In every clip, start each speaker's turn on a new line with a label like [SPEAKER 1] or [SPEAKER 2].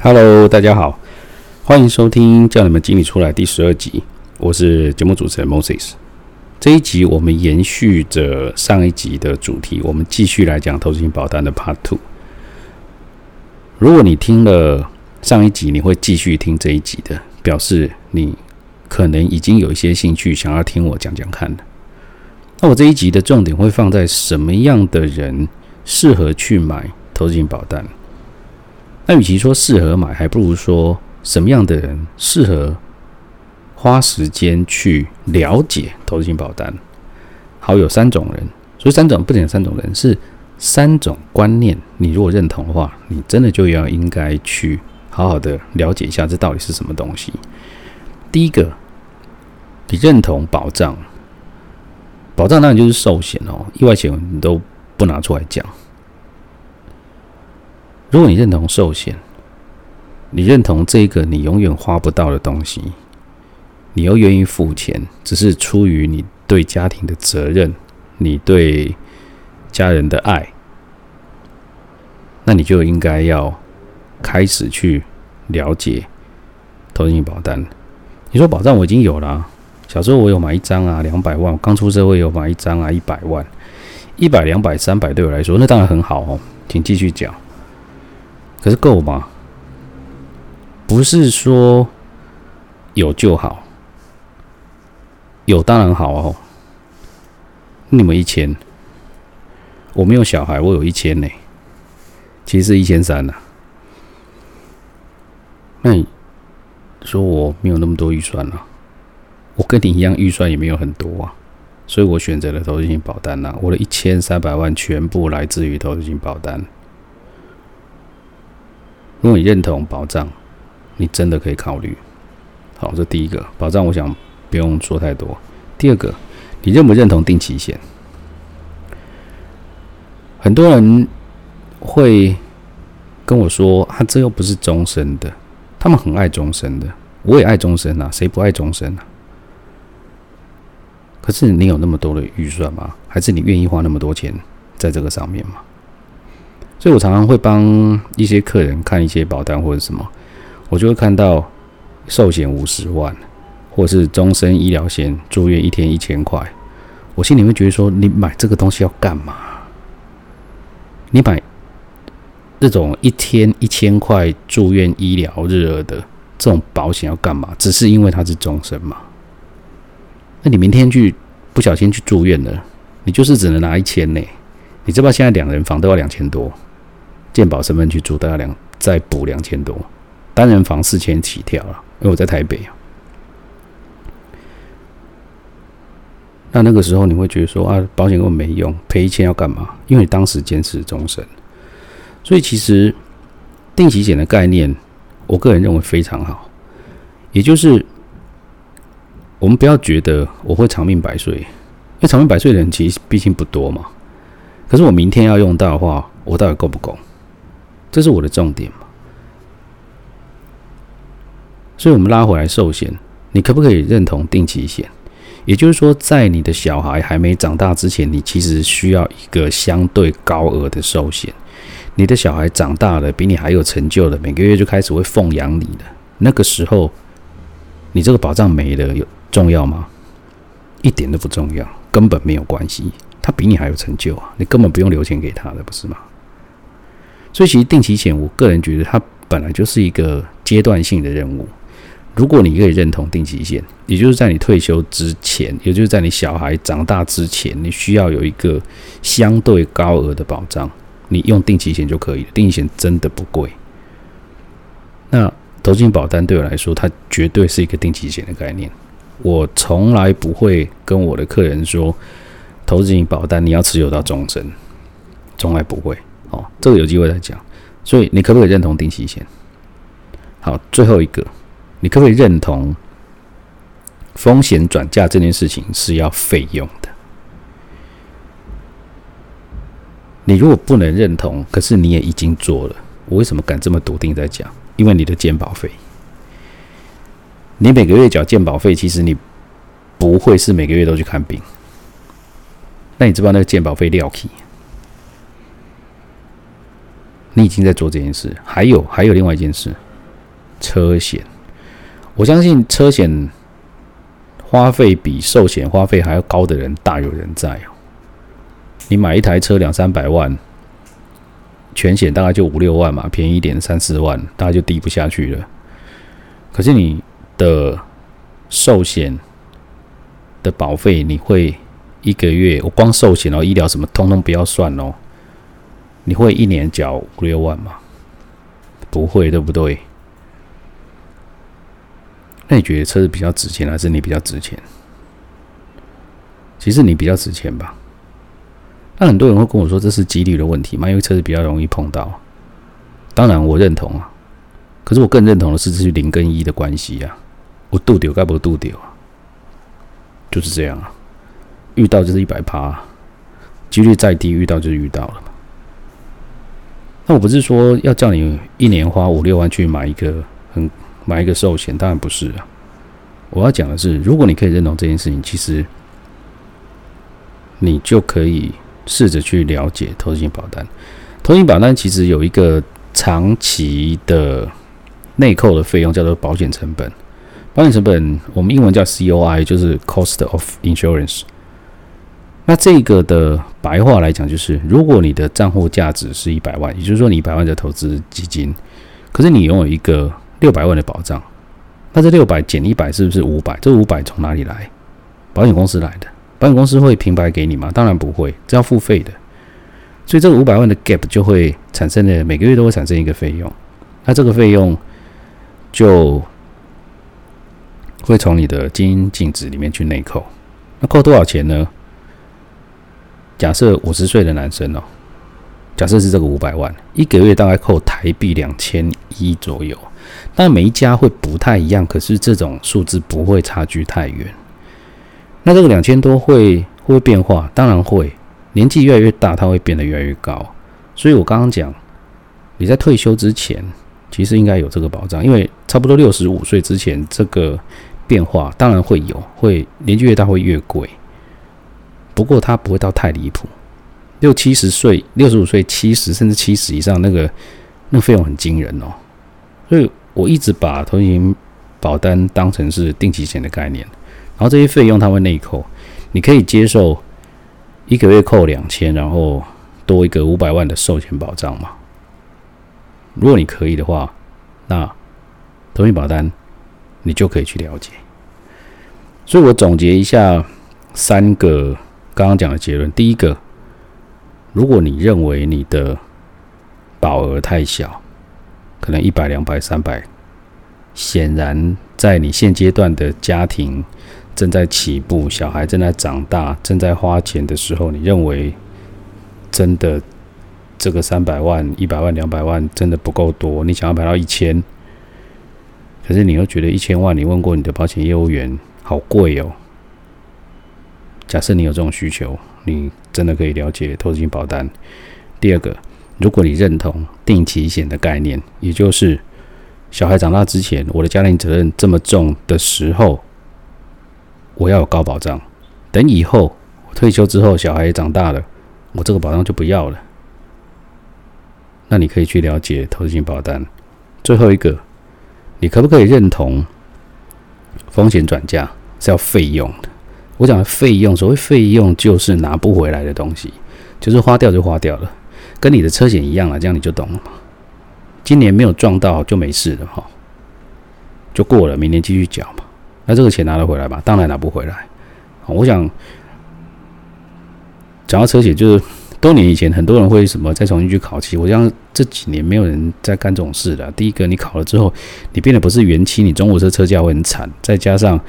[SPEAKER 1] Hello，大家好，歡迎收聽《叫你們經理出來》第十二集。我是節目主持人 Moses。這一集我們延續着上一集的主題，我們繼續來講投資型保單的 Part Two。如果你聽了上一集，你會繼續聽這一集的，表示你可能已經有一些興趣想要聽我講講看了。那我這一集的重點會放在什麼樣的人適合去買投資型保單？那與其說適合買，還不如說什麼樣的人適合花時間去了解投資型保單。好，有三種人，所以三種不僅三種人，是三種觀念。你如果認同的話，你真的就要應該去好好的了解一下這到底是什麼東西。第一個，你認同保障，保障當然就是壽險哦，意外險你都不拿出來講。如果你認同壽險，你認同這個你永遠花不到的東西，你又願意付錢，只是出於你對家庭的責任，你對家人的愛，那你就應該要開始去了解投資型保單。你說保障我已經有了，小時候我有買一張啊，兩百萬；我剛出社會有買一張啊，一百萬，一百、兩百、三百，對我來說那當然很好哦、喔。請繼續講。可是夠嗎？不是說有就好，有當然好哦。你們一千，我沒有小孩，我有一千呢，其實是一千三吶、啊。那你說我沒有那麼多預算了、啊，我跟你一樣預算也沒有很多啊，所以我選擇了投資型保單啦、啊。我的一千三百萬全部來自於投資型保單。如果你認同保障，你真的可以考慮。好，這第一個保障，我想不用說太多。第二個，你認不認同定期險？很多人會跟我說：“啊，這又不是終身的。”他們很愛終身的，我也愛終身啊，誰不愛終身啊？可是你有那麼多的預算嗎？還是你願意花那麼多錢在這個上面嗎？所以，我常常會幫一些客人看一些保單或者什麼，我就會看到壽險五十萬，或者是終身醫療險，住院一天一千塊，我心裡會覺得說，你買這個東西要幹嘛？你買這種一天一千塊住院醫療日額的這種保險要幹嘛？只是因為它是終身嘛。那你明天去不小心去住院了，你就是只能拿一千呢？你知不知道現在兩人房都要兩千多。健保身份去住，大概兩再補兩千多，單人房四千起跳了。因為我在台北啊，那那個時候你會覺得說啊，保險我沒用，賠一千要幹嘛？因為你當時堅持終身，所以其實定期險的概念，我個人認為非常好。也就是我們不要覺得我會長命百歲，因為長命百歲的人其實畢竟不多嘛。可是我明天要用到的話，我到底夠不夠？這是我的重點嘛？所以，我們拉回來壽險，你可不可以認同定期險？也就是說，在你的小孩還沒長大之前，你其實需要一個相對高額的壽險。你的小孩長大了，比你還有成就了，每個月就開始會奉養你的。那個時候，你這個保障沒了，有重要嗎？一點都不重要，根本沒有關係。他比你還有成就啊，你根本不用留錢給他的，不是嗎？所以其實定期險，我個人覺得它本來就是一個階段性的任務。如果你可以認同定期險，也就是在你退休之前，也就是在你小孩長大之前，你需要有一個相對高額的保障，你用定期險就可以。定期險真的不貴。那投資型保單對我來說，它絕對是一個定期險的概念。我從來不會跟我的客人說，投資型保單你要持有到終身，從來不會。哦，這個有機會再講。所以你可不可以認同定期險？好，最後一個，你可不可以認同風險轉嫁這件事情是要費用的？你如果不能認同，可是你也已經做了，我為什麼敢這麼篤定在講？因為你的健保費，你每個月繳健保費，其實你不會是每個月都去看病。那你知道那個健保費料期？你已經在做這件事，還有還有另外一件事，車險。我相信車險花費比壽險花費還要高的人大有人在。你買一台車兩三百萬，全險大概就五六萬嘛，便宜一點三四萬，大概就低不下去了。可是你的壽險的保費，你會一個月？我光壽險哦，醫療什麼通通不要算哦、喔。你會一年繳五六萬嗎？不會，對不對？那你覺得車子比較值錢，還是你比較值錢？其實你比較值錢吧。那很多人會跟我說，這是幾率的問題嘛，因為車子比較容易碰到。當然我認同啊，可是我更認同的是這是零跟一的關係呀、啊。我堵到該不會堵到啊，就是這樣啊。遇到就是一百趴，幾率再低，遇到就是遇到了嘛。那我不是說要叫你一年花五六萬去買一個很買一個壽險，當然不是啊。我要講的是，如果你可以認同這件事情，其實你就可以試着去了解投資型保單。投資型保單其實有一個長期的內扣的費用，叫做保險成本。保險成本我們英文叫 COI，就是 Cost of Insurance。那這個的白話來講，就是如果你的賬戶價值是一百萬，也就是說你一百萬的投資基金，可是你擁有一個六百萬的保障，那這六百減一百是不是五百？這五百從哪裡來？保險公司來的，保險公司會平白給你嗎？當然不會，這要付費的。所以這個五百萬的 gap 就會產生的，每個月都會產生一個費用。那這個費用就會從你的基金淨值裡面去內扣，那扣多少錢呢？假設五十歲的男生哦，假設是這個五百萬，一個月大概扣台幣兩千一左右，但每一家會不太一樣，可是這種數字不會差距太遠。那這個兩千多會會不會變化？當然會，年紀越來越大，它會變得越來越高。所以我剛剛講，你在退休之前，其實應該有這個保障，因為差不多六十五歲之前，這個變化當然會有，會，年紀越大會越貴。不過它不會到太離譜，六七十歲、六十五歲、七十甚至七十以上，那個那個費用很驚人哦。所以我一直把投型保單當成是定期險的概念，然後這些費用它會內扣，你可以接受一個月扣兩千，然後多一個五百萬的壽險保障嘛？如果你可以的話，那投型保單你就可以去了解。所以我總結一下三個。剛剛講的結論，第一個，如果你認為你的保額太小，可能一百、兩百、三百，顯然在你現階段的家庭正在起步，小孩正在長大，正在花錢的時候，你認為真的這個三百萬、一百萬、兩百萬真的不夠多？你想要買到一千，可是你又覺得一千萬，你問過你的保險業務員，好貴哦。假設你有這種需求，你真的可以了解投資型保單。第二個，如果你認同定期險的概念，也就是小孩長大之前，我的家庭責任這麼重的時候，我要有高保障。等以後我退休之後，小孩也長大了，我這個保障就不要了。那你可以去了解投資型保單。最後一個，你可不可以認同風險轉嫁是要費用的？我講的費用，所謂費用就是拿不回來的東西，就是花掉就花掉了，跟你的車險一樣啊，這樣你就懂了。今年沒有撞到就沒事了哈，就過了，明年繼續繳嘛。那這個錢拿得回來吧？當然拿不回來。我想講到車險，就是多年以前很多人會什麼再重新去烤漆。我想這幾年沒有人在幹這種事了。第一個，你烤了之後，你變得不是原漆，你中古車車價會很慘，再加上。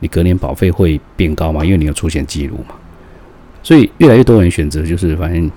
[SPEAKER 1] 你隔年保費會變高嘛？因為你有出險記錄嘛，所以越來越多人選擇就是反正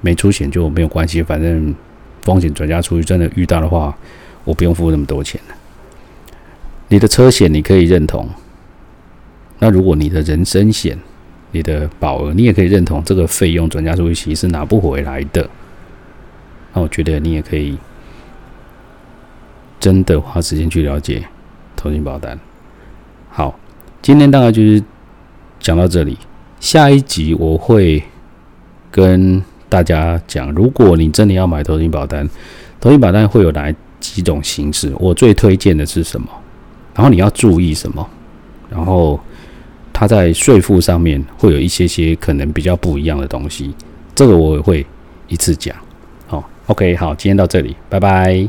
[SPEAKER 1] 沒出險就沒有關係，反正風險轉嫁出去，真的遇到的話，我不用付那麼多錢了。你的車險你可以認同，那如果你的人身險、你的保額，你也可以認同這個費用轉嫁出去其實是拿不回來的。那我覺得你也可以真的花時間去了解投資型保單。好，今天大概就是講到這裡。下一集我會跟大家講，如果你真的要買投型保單，投型保單會有哪幾種形式？我最推薦的是什麼？然後你要注意什麼？然後它在稅負上面會有一些些可能比較不一樣的東西，這個我也會一次講。好，OK，好，今天到這裡，拜拜。